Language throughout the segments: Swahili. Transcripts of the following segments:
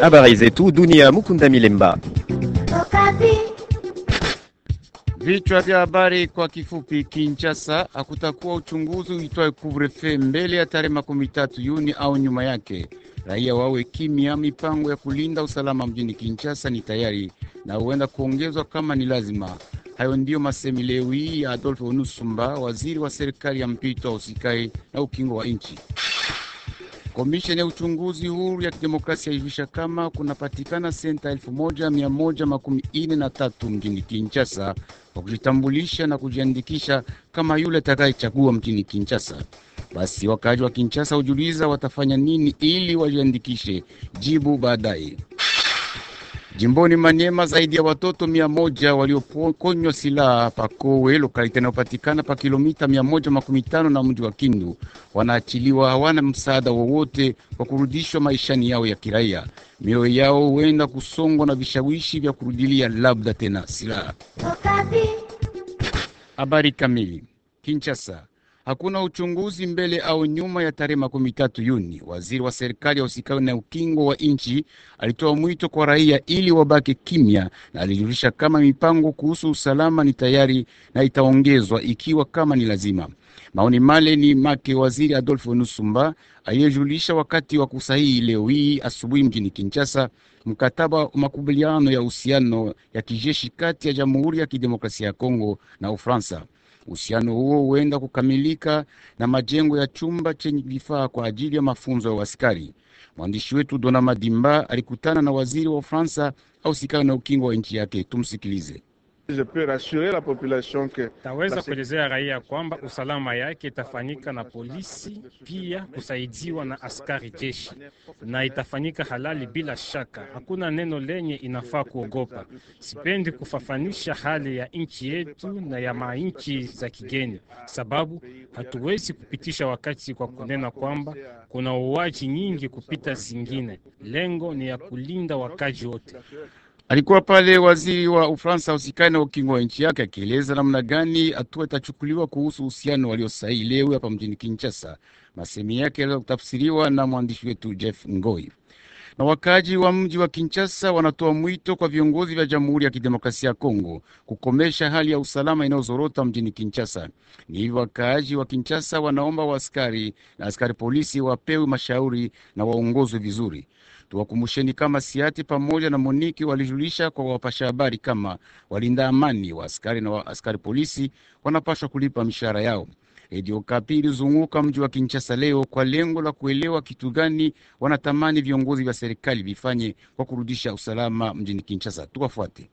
Habari zetu dunia. Mukunda Milemba. Vichwa vya habari kwa kifupi. Kinshasa, hakutakuwa uchunguzi uitwaye kuvrefe mbele ya tarehe makumi tatu Juni au nyuma yake. Raia wawe kimya. Mipango ya kulinda usalama mjini Kinshasa ni tayari na huenda kuongezwa kama ni lazima. Hayo ndiyo masemi leo hii ya Adolphe Onusumba, waziri wa serikali ya mpito wa usikai na ukingo wa nchi. Komisheni ya uchunguzi huru ya kidemokrasia yaijulisha kama kunapatikana senta elfu moja mia moja makumi na tatu mjini Kinshasa kwa kujitambulisha na kujiandikisha kama yule atakayechagua mjini Kinshasa. Basi wakaji wa Kinshasa hujiuliza watafanya nini ili wajiandikishe? Jibu baadaye. Jimboni manyema zaidi ya watoto mia moja waliokonywa silaha Pakowe, lokalite inayopatikana pa kilomita mia moja makumi tano na mji wa Kindu, wanaachiliwa hawana msaada wowote wa kurudishwa maishani yao ya kiraia. Mioyo yao huenda kusongwa na vishawishi vya kurudilia labda tena silaha. Habari kamili Kinshasa hakuna uchunguzi mbele au nyuma ya tarehe makumi tatu Yuni. Waziri wa serikali ya usikani na ukingo wa nchi alitoa mwito kwa raia ili wabaki kimya, na alijulisha kama mipango kuhusu usalama ni tayari na itaongezwa ikiwa kama ni lazima. Maoni male ni make waziri Adolfo Nusumba aliyejulisha wakati wa kusahihi leo hii asubuhi mjini Kinshasa mkataba wa makubaliano ya uhusiano ya kijeshi kati ya Jamhuri ya Kidemokrasia ya Kongo na Ufaransa. Uhusiano huo huenda kukamilika na majengo ya chumba chenye vifaa kwa ajili ya mafunzo ya uaskari. Mwandishi wetu Dona Madimba alikutana na waziri wa Ufaransa ausikana na ukingo wa nchi yake. Tumsikilize. Je peux rassurer la population que taweza kuelezea raia kwamba usalama yake itafanyika na polisi pia kusaidiwa na askari jeshi, na itafanyika halali bila shaka. Hakuna neno lenye inafaa kuogopa. Sipendi kufafanisha hali ya nchi yetu na ya manchi za kigeni, sababu hatuwezi kupitisha wakati kwa kunena kwamba kuna uwaji nyingi kupita zingine. Lengo ni ya kulinda wakaji wote. Alikuwa pale waziri wa Ufaransa usikani na ukingo wa nchi yake akieleza namna gani hatua itachukuliwa kuhusu uhusiano waliosahii leo hapa mjini Kinshasa. Masemi yake yaliweza kutafsiriwa na mwandishi wetu Jeff Ngoi. Na wakaaji wa mji wa Kinshasa wanatoa mwito kwa viongozi vya Jamhuri ya Kidemokrasia ya Kongo kukomesha hali ya usalama inayozorota mjini Kinshasa. Ni hivyo wakaaji wa Kinshasa wanaomba waaskari na askari polisi wapewe mashauri na waongozwe vizuri. Tuwakumbusheni kama Siati pamoja na Moniki walijulisha kwa wapasha habari kama walinda amani wa askari na wa askari polisi wanapaswa kulipa mishahara yao. Redio Kapi ilizunguka mji wa Kinshasa leo kwa lengo la kuelewa kitu gani wanatamani viongozi vya serikali vifanye kwa kurudisha usalama mjini Kinshasa. Tuwafuate.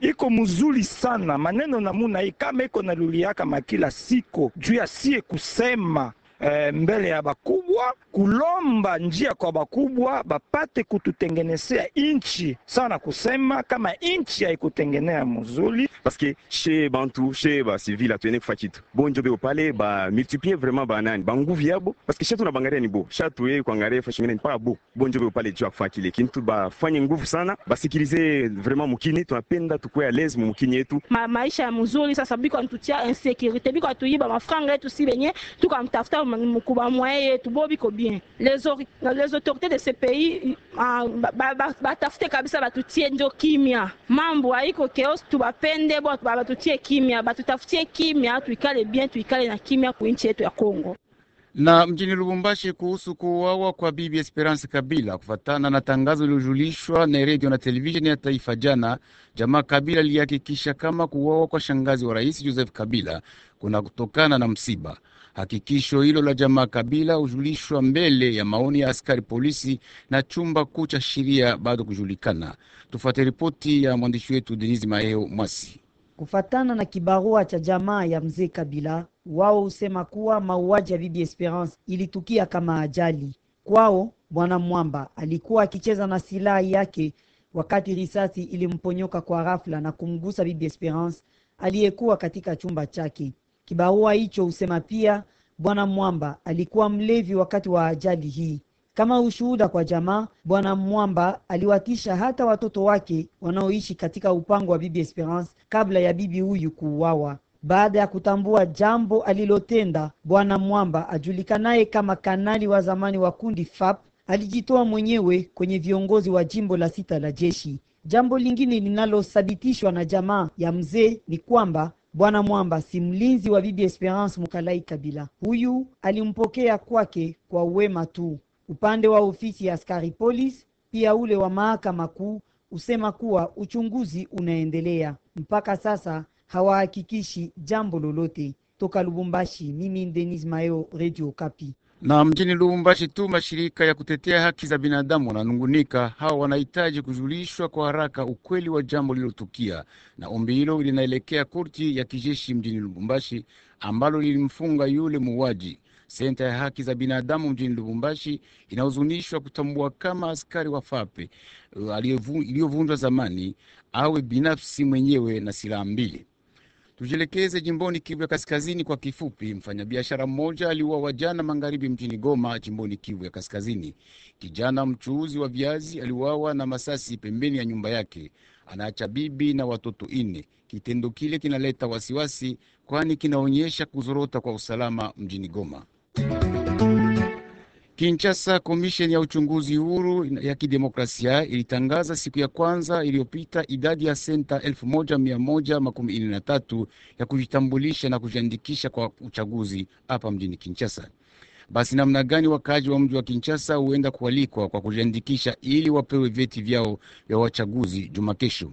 Iko mzuri sana maneno namuna ikama kama iko naluliaka makila siko juu ya sie kusema Eh, mbele ya bakubwa kulomba njia kwa bakubwa bapate kututengenesea inchi sana, kusema kama inchi haikutengenea mzuri paske she bantu she basivile atuene kufa kitu bonjobe upale bamultiplie vraiment banani banguvu yabo paske she tunabangaria ni bo sha tuye kuangaria fashingine mpaka bo bonjobe upale juu akufa kile kintu bafanye nguvu sana basikilize vraiment mukini, tunapenda tukuwe a l'aise mumukini yetu Ma, maisha ya mzuri sasa biko antutia insécurité biko atuiba mafranga yetu si benye tukamtafuta mukubamwaye tubobiko bien les, bien les autorités de ce pays uh, batafute kabisa batutie njo kimya, mambo haiko keos, tubapende bwa batutie kimya, batutafutie kimya, tuikale bien, tuikale na kimya kuinchi yetu ya Kongo na mjini Lubumbashi kuhusu kuuawa kwa Bibi Esperance Kabila kufatana na tangazo lilojulishwa na redio na televisheni ya taifa jana, jamaa Kabila lilihakikisha kama kuuawa kwa shangazi wa rais Joseph Kabila kuna kutokana na msiba Hakikisho hilo la jamaa Kabila hujulishwa mbele ya maoni ya askari polisi na chumba kuu cha sheria bado kujulikana. Tufuate ripoti ya mwandishi wetu denis maeo Mwasi. Kufatana na kibarua cha jamaa ya mzee Kabila, wao husema kuwa mauaji ya Bibi Esperance ilitukia kama ajali kwao. Bwana Mwamba alikuwa akicheza na silaha yake wakati risasi ilimponyoka kwa ghafla na kumgusa Bibi Esperance aliyekuwa katika chumba chake. Kibarua hicho husema pia Bwana Mwamba alikuwa mlevi wakati wa ajali hii. Kama ushuhuda kwa jamaa, Bwana Mwamba aliwatisha hata watoto wake wanaoishi katika upango wa Bibi Esperance kabla ya bibi huyu kuuawa. Baada ya kutambua jambo alilotenda, Bwana Mwamba ajulikanaye kama kanali wa zamani wa kundi FAP alijitoa mwenyewe kwenye viongozi wa jimbo la sita la jeshi. Jambo lingine linalothibitishwa na jamaa ya mzee ni kwamba Bwana Mwamba si mlinzi wa Bibi Esperance Mukalai Kabila. Huyu alimpokea kwake kwa uwema tu. Upande wa ofisi ya askari polisi pia ule wa mahakama kuu usema kuwa uchunguzi unaendelea mpaka sasa, hawahakikishi jambo lolote. Toka Lubumbashi, mimi Denis Mayo, Radio Kapi. Na mjini Lubumbashi tu mashirika ya kutetea haki za binadamu wananungunika, hawa wanahitaji kujulishwa kwa haraka ukweli wa jambo lililotukia, na ombi hilo linaelekea korti ya kijeshi mjini Lubumbashi ambalo lilimfunga yule muuaji. Senta ya haki za binadamu mjini Lubumbashi inahuzunishwa kutambua kama askari wa FAPE eh, iliyovunjwa zamani awe binafsi mwenyewe na silaha mbili. Tujielekeze jimboni Kivu ya Kaskazini kwa kifupi. Mfanyabiashara mmoja aliuawa jana magharibi mjini Goma, jimboni Kivu ya Kaskazini. Kijana mchuuzi wa viazi aliuawa na masasi pembeni ya nyumba yake. Anaacha bibi na watoto ine. Kitendo kile kinaleta wasiwasi, kwani kinaonyesha kuzorota kwa usalama mjini Goma. Kinshasa, komisheni ya uchunguzi huru ya kidemokrasia ilitangaza siku ya kwanza iliyopita idadi ya senta 1113 ya kujitambulisha na kujiandikisha kwa uchaguzi hapa mjini Kinshasa. Basi namna gani wakaaji wa mji wa Kinshasa huenda kualikwa kwa kujiandikisha ili wapewe vyeti vyao vya wachaguzi juma kesho?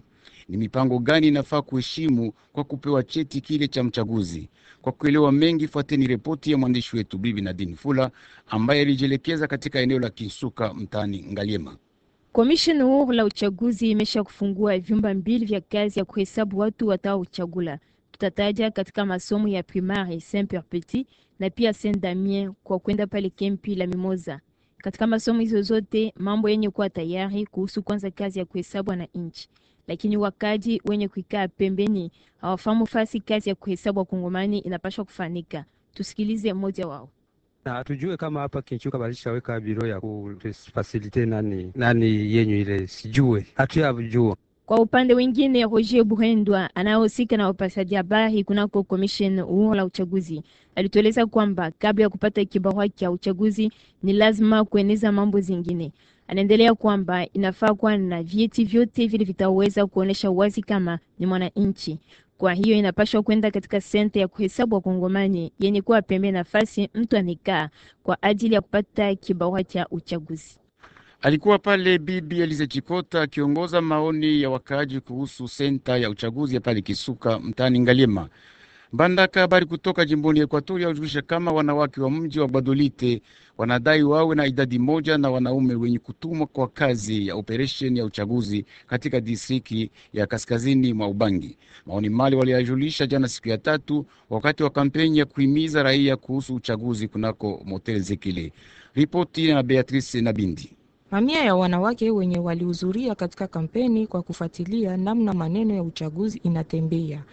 ni mipango gani inafaa kuheshimu kwa kupewa cheti kile cha mchaguzi. Kwa kuelewa mengi, fuateni ripoti ya mwandishi wetu Bibi Nadine Fula ambaye alijielekeza katika eneo la Kinsuka mtaani Ngaliema. Komisheni huru la uchaguzi imesha kufungua vyumba mbili vya kazi ya kuhesabu watu wataochagula. Tutataja katika masomo ya primari Saint Perpeti na pia Saint Damien kwa kwenda pale kempi la Mimoza. Katika masomo hizo zote, mambo yenye kuwa tayari kuhusu kwanza kazi ya kuhesabu wananchi lakini wakaji wenye kuikaa pembeni hawafahamu fasi kazi ya kuhesabu wakongomani inapashwa kufanika Tusikilize mmoja wao. Na hatujue kama hapa Kinchuka balishaweka biro ya kufasilite nani nani yenyu ile, sijue hatuyajua. Kwa upande wengine, Roger Buhendwa anayehusika na upasaji habari kunako komishen huo la uchaguzi alitueleza kwamba kabla ya kupata kibarua cha uchaguzi ni lazima kueneza mambo zingine. Anaendelea kwamba inafaa kuwa na vyeti vyote vile vitaweza kuonyesha wazi kama ni mwananchi. Kwa hiyo inapaswa kwenda katika senta ya kuhesabu Wakongomani yenye kuwa pembe nafasi mtu amekaa kwa ajili ya kupata kibarua cha uchaguzi. Alikuwa pale Bibi Elize Chikota akiongoza maoni ya wakaaji kuhusu senta ya uchaguzi ya pale Kisuka mtaani Ngaliema. Mbandaka. Habari kutoka jimboni Ekuatoria hujulisha kama wanawake wa mji wa Badolite wanadai wawe na idadi moja na wanaume wenye kutumwa kwa kazi ya operesheni ya uchaguzi katika distriki ya kaskazini mwa Ubangi. Maoni mali waliyajulisha jana siku ya tatu wakati wa kampeni ya kuhimiza raia kuhusu uchaguzi kunako Motel Zekile. Ripoti na Beatrice Nabindi. Mamia ya wanawake wenye walihudhuria katika kampeni kwa kufuatilia namna maneno ya uchaguzi inatembea,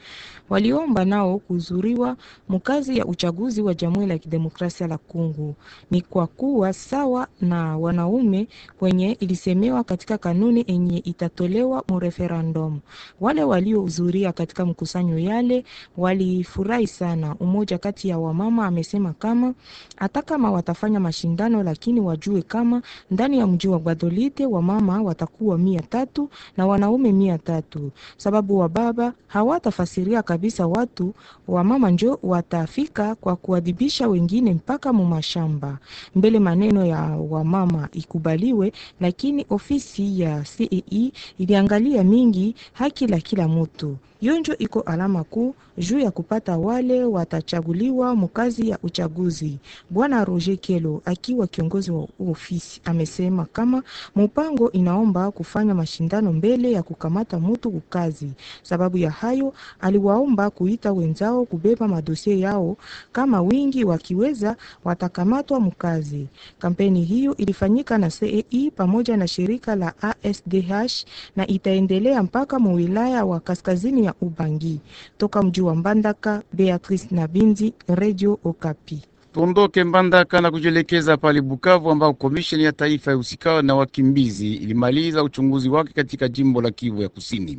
waliomba nao kuhudhuriwa mkazi ya uchaguzi wa Jamhuri ya Kidemokrasia la Kongo, ni kwa kuwa sawa na wanaume kwenye ilisemewa katika kanuni enye itatolewa mu referendum. Wale waliohudhuria katika mkusanyo yale walifurahi sana. Umoja kati ya wamama amesema kama hata kama watafanya mashindano, lakini wajue kama ndani ya mjua wa wamama watakuwa mia tatu na wanaume mia tatu sababu wa baba hawatafasiria kabisa watu wamama njo watafika kwa kuadhibisha wengine mpaka mumashamba. Mbele maneno ya wamama ikubaliwe, lakini ofisi ya CEE e iliangalia mingi haki la kila mtu yonjo iko alama kuu juu ya kupata wale watachaguliwa mukazi ya uchaguzi. Bwana Roger Kelo akiwa kiongozi wa ofisi amesema kama mpango inaomba kufanya mashindano mbele ya kukamata mutu kukazi. Sababu ya hayo, aliwaomba kuita wenzao kubeba madosie yao, kama wingi wakiweza watakamatwa mukazi. Kampeni hiyo ilifanyika na CEI pamoja na shirika la ASDH na itaendelea mpaka muwilaya wa kaskazini ya na Ubangi. Toka mji wa Mbandaka, Beatrice Nabindi, Radio Okapi. Tuondoke Mbandaka na kujielekeza pale Bukavu ambao komisheni ya taifa ya usikao na wakimbizi ilimaliza uchunguzi wake katika jimbo la Kivu ya Kusini.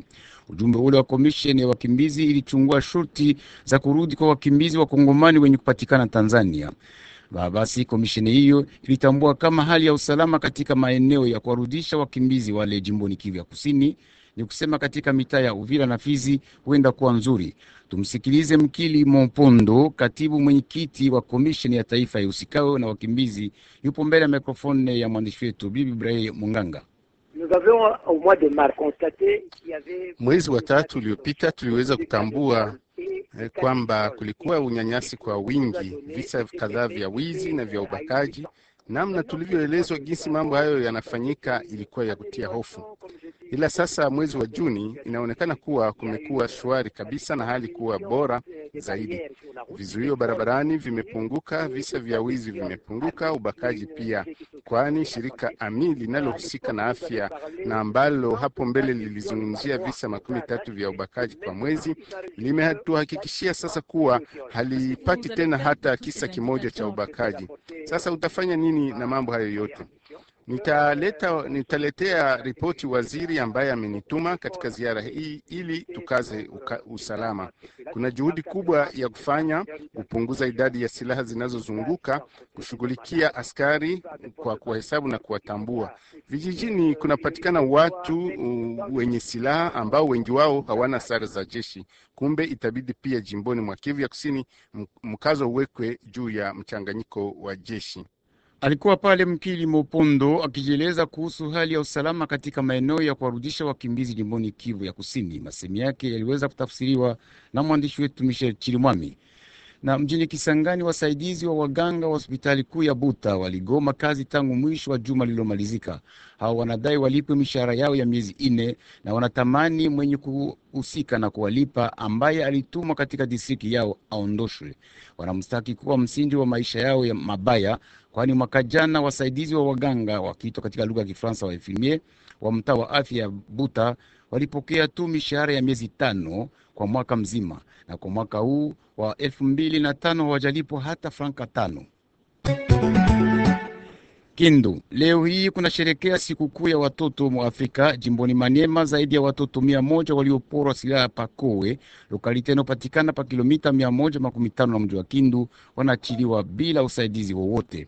Ujumbe ule wa komisheni ya wakimbizi ilichungua shurti za kurudi kwa wakimbizi wa Kongomani wenye kupatikana Tanzania. Basi komisheni hiyo ilitambua kama hali ya usalama katika maeneo ya kuwarudisha wakimbizi wale jimboni Kivu ya Kusini ni kusema katika mitaa ya Uvira na Fizi huenda kuwa nzuri. Tumsikilize Mkili Mopondo, katibu mwenyekiti wa komisheni ya taifa ya usikao na wakimbizi, yupo mbele ya mikrofone ya mwandishi wetu Bibi brahi Munganga. Mwezi wa tatu uliopita tuliweza kutambua eh, kwamba kulikuwa unyanyasi kwa wingi, visa kadhaa vya wizi na vya ubakaji Namna tulivyoelezwa jinsi mambo hayo yanafanyika ilikuwa ya kutia hofu, ila sasa mwezi wa Juni inaonekana kuwa kumekuwa shwari kabisa na hali kuwa bora zaidi. Vizuio barabarani vimepunguka, visa vya wizi vimepunguka, ubakaji pia kwani shirika AMI linalohusika na afya na ambalo hapo mbele lilizungumzia visa makumi tatu vya ubakaji kwa mwezi limetuhakikishia sasa kuwa halipati tena hata kisa kimoja cha ubakaji. Sasa utafanya nini na mambo hayo yote? Nitaleta, nitaletea ripoti waziri ambaye amenituma katika ziara hii ili tukaze uka, usalama. Kuna juhudi kubwa ya kufanya kupunguza idadi ya silaha zinazozunguka, kushughulikia askari kwa kuwahesabu na kuwatambua. Vijijini kunapatikana watu wenye silaha ambao wengi wao hawana sare za jeshi. Kumbe itabidi pia jimboni mwa Kivu ya Kusini mkazo uwekwe juu ya mchanganyiko wa jeshi. Alikuwa pale Mkili Mopondo akijieleza kuhusu hali ya usalama katika maeneo ya kuwarudisha wakimbizi jimboni Kivu ya Kusini. Masemi yake yaliweza kutafsiriwa na mwandishi wetu Michel Chirimwami. Na mjini Kisangani, wasaidizi wa waganga wa hospitali kuu ya Buta waligoma kazi tangu mwisho wa juma lililomalizika. Hao wanadai walipwe mishahara yao ya miezi ine na wanatamani mwenye kuhusika na kuwalipa ambaye alitumwa katika distriki yao aondoshwe. Wanamstaki kuwa msingi wa maisha yao ya mabaya kwani mwaka jana wasaidizi wa waganga wakiitwa katika lugha ya Kifaransa wa infirmier wa mtaa wa afya ya Buta walipokea tu mishahara ya miezi tano kwa mwaka mzima, na kwa mwaka huu wa elfu mbili na tano hawajalipwa hata franka tano. Kindu. Leo hii kunasherekea sikukuu ya watoto mu Afrika jimboni manyema Zaidi ya watoto mia moja walioporwa silaha Pakowe, lokalite inayopatikana pa kilomita mia moja makumi tano na mji wa Kindu, wanaachiliwa bila usaidizi wowote.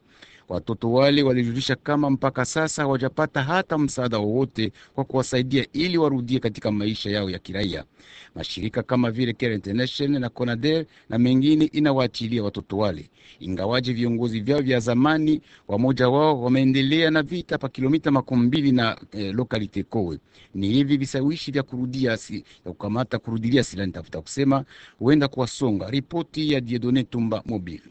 Watoto wale walijulisha kama mpaka sasa hawajapata hata msaada wowote kwa kuwasaidia ili warudie katika maisha yao ya kiraia. Mashirika kama vile Care International na Conader na mengine inawaachilia watoto wale, ingawaje viongozi vyao vya zamani wamoja wao wameendelea na vita pa kilomita makumi mbili na eh, lokalite Kowe. Ni hivi visawishi vya kurudia si, ya kukamata kurudilia silaha, nitafuta kusema huenda kuwasonga. Ripoti ya Diedone Tumba Mobile.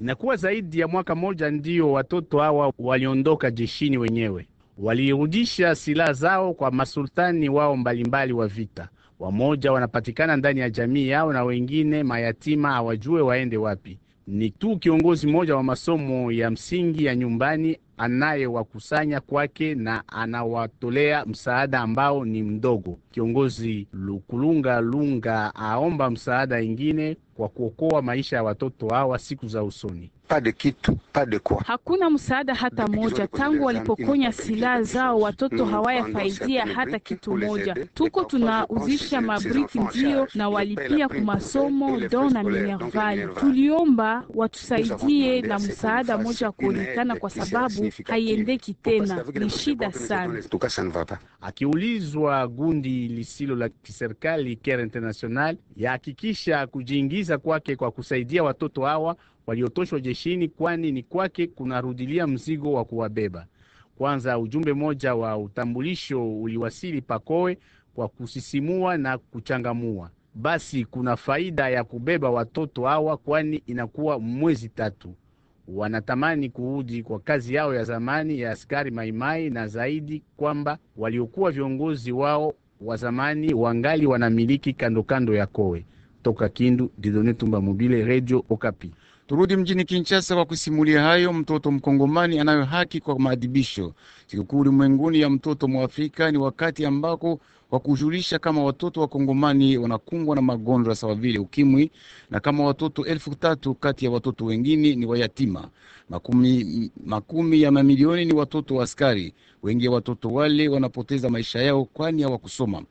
Inakuwa zaidi ya mwaka mmoja ndiyo watoto hawa waliondoka jeshini wenyewe, walirudisha silaha zao kwa masultani wao mbalimbali wa vita. Wamoja wanapatikana ndani ya jamii yao na wengine mayatima, hawajue waende wapi. Ni tu kiongozi mmoja wa masomo ya msingi ya nyumbani anayewakusanya kwake na anawatolea msaada ambao ni mdogo. Kiongozi Lukulunga Lunga aomba msaada ingine kwa kuokoa maisha ya watoto hawa siku za usoni. Pade kitu, pade kwa. Hakuna msaada hata moja tangu walipokonya silaha zao, watoto mm, hawayafaidia hata kitu moja. Tuko tunauzisha mabriki ndio na walipia kumasomo masomo don na minerval. Tuliomba watusaidie na msaada moja kuonekana, kwa sababu haiendeki tena, ni shida sana. Akiulizwa, gundi lisilo la kiserikali Care International yahakikisha kujiingiza kujiingiza kwake kwa kusaidia watoto hawa waliotoshwa jeshini, kwani ni kwake kunarudilia mzigo wa kuwabeba. Kwanza, ujumbe moja wa utambulisho uliwasili Pakoe kwa kusisimua na kuchangamua. Basi kuna faida ya kubeba watoto hawa, kwani inakuwa mwezi tatu wanatamani kurudi kwa kazi yao ya zamani ya askari Maimai, na zaidi kwamba waliokuwa viongozi wao wa zamani wangali wanamiliki kandokando ya Kowe toka Kindu, Didone Tumba Mobile, Radio Okapi. Turudi mjini Kinshasa kwa kusimulia hayo. Mtoto mkongomani anayo haki kwa maadhibisho. Sikukuu ulimwenguni ya mtoto Afrika ni wakati ambako kwa kujulisha kama watoto wakongomani wanakumbwa na magonjwa sawa vile ukimwi na kama watoto elfu tatu kati ya watoto wengine ni wayatima. Makumi, makumi ya mamilioni ni watoto wa askari. Wengi ya watoto wale wanapoteza maisha yao kwani hawakusoma.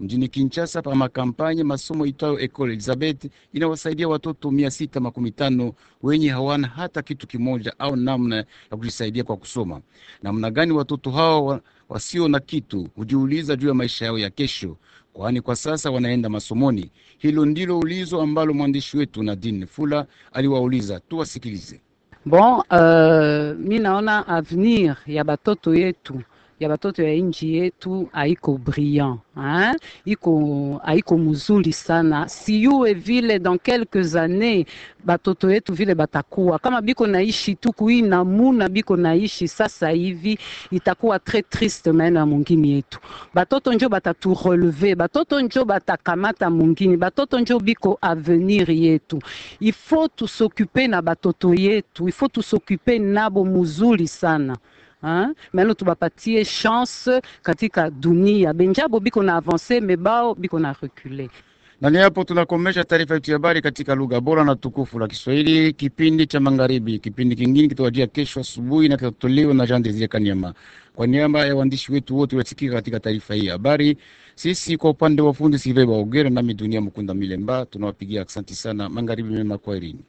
Mjini Kinshasa pa makampanya masomo itwayo Ecole Elizabeth inawasaidia watoto mia sita makumi tano wenye hawana hata kitu kimoja au namna ya kujisaidia kwa kusoma. Namna gani watoto hao wasio na kitu hujiuliza juu ya maisha yao ya kesho, kwani kwa sasa wanaenda masomoni. Hilo ndilo ulizo ambalo mwandishi wetu Nadine Fula aliwauliza. Tuwasikilize. Bon, uh, mi naona avenir ya batoto yetu Yabato ya nchi yetu aiko brillant hein? iko aiko mzuri sana siyue vile dans quelques années batoto yetu vile batakuwa kama biko naishi tu kuina muna biko naishi sasa hivi, itakuwa très triste maena mungini yetu. Batoto njo batatu releve, batoto njo kamata mungini, batoto njo biko avenir yetu. Ifo tusokupe na batoto yetu, ifo tusokupe nabo muzuri sana. Hein? Melo tubapatie chance katika dunia benjabo biko na avanse mebao biko na recule na ni hapo tunakomesha taarifa yetu ya habari katika lugha bora na tukufu la Kiswahili, kipindi cha magharibi. Kipindi kingine kitawajia kesho asubuhi na kitatolewa na Jean Desire Kanyama. Kwa niaba ya waandishi wetu wote wasikika katika taarifa hii ya habari, sisi kwa upande wa fundi Silve Baogera nami Dunia Mkunda Milemba tunawapigia asanti sana. Magharibi mema, kwaherini.